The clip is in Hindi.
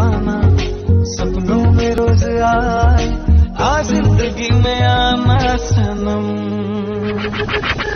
पाना सपनों में रोज आए आज जिंदगी में आना सनम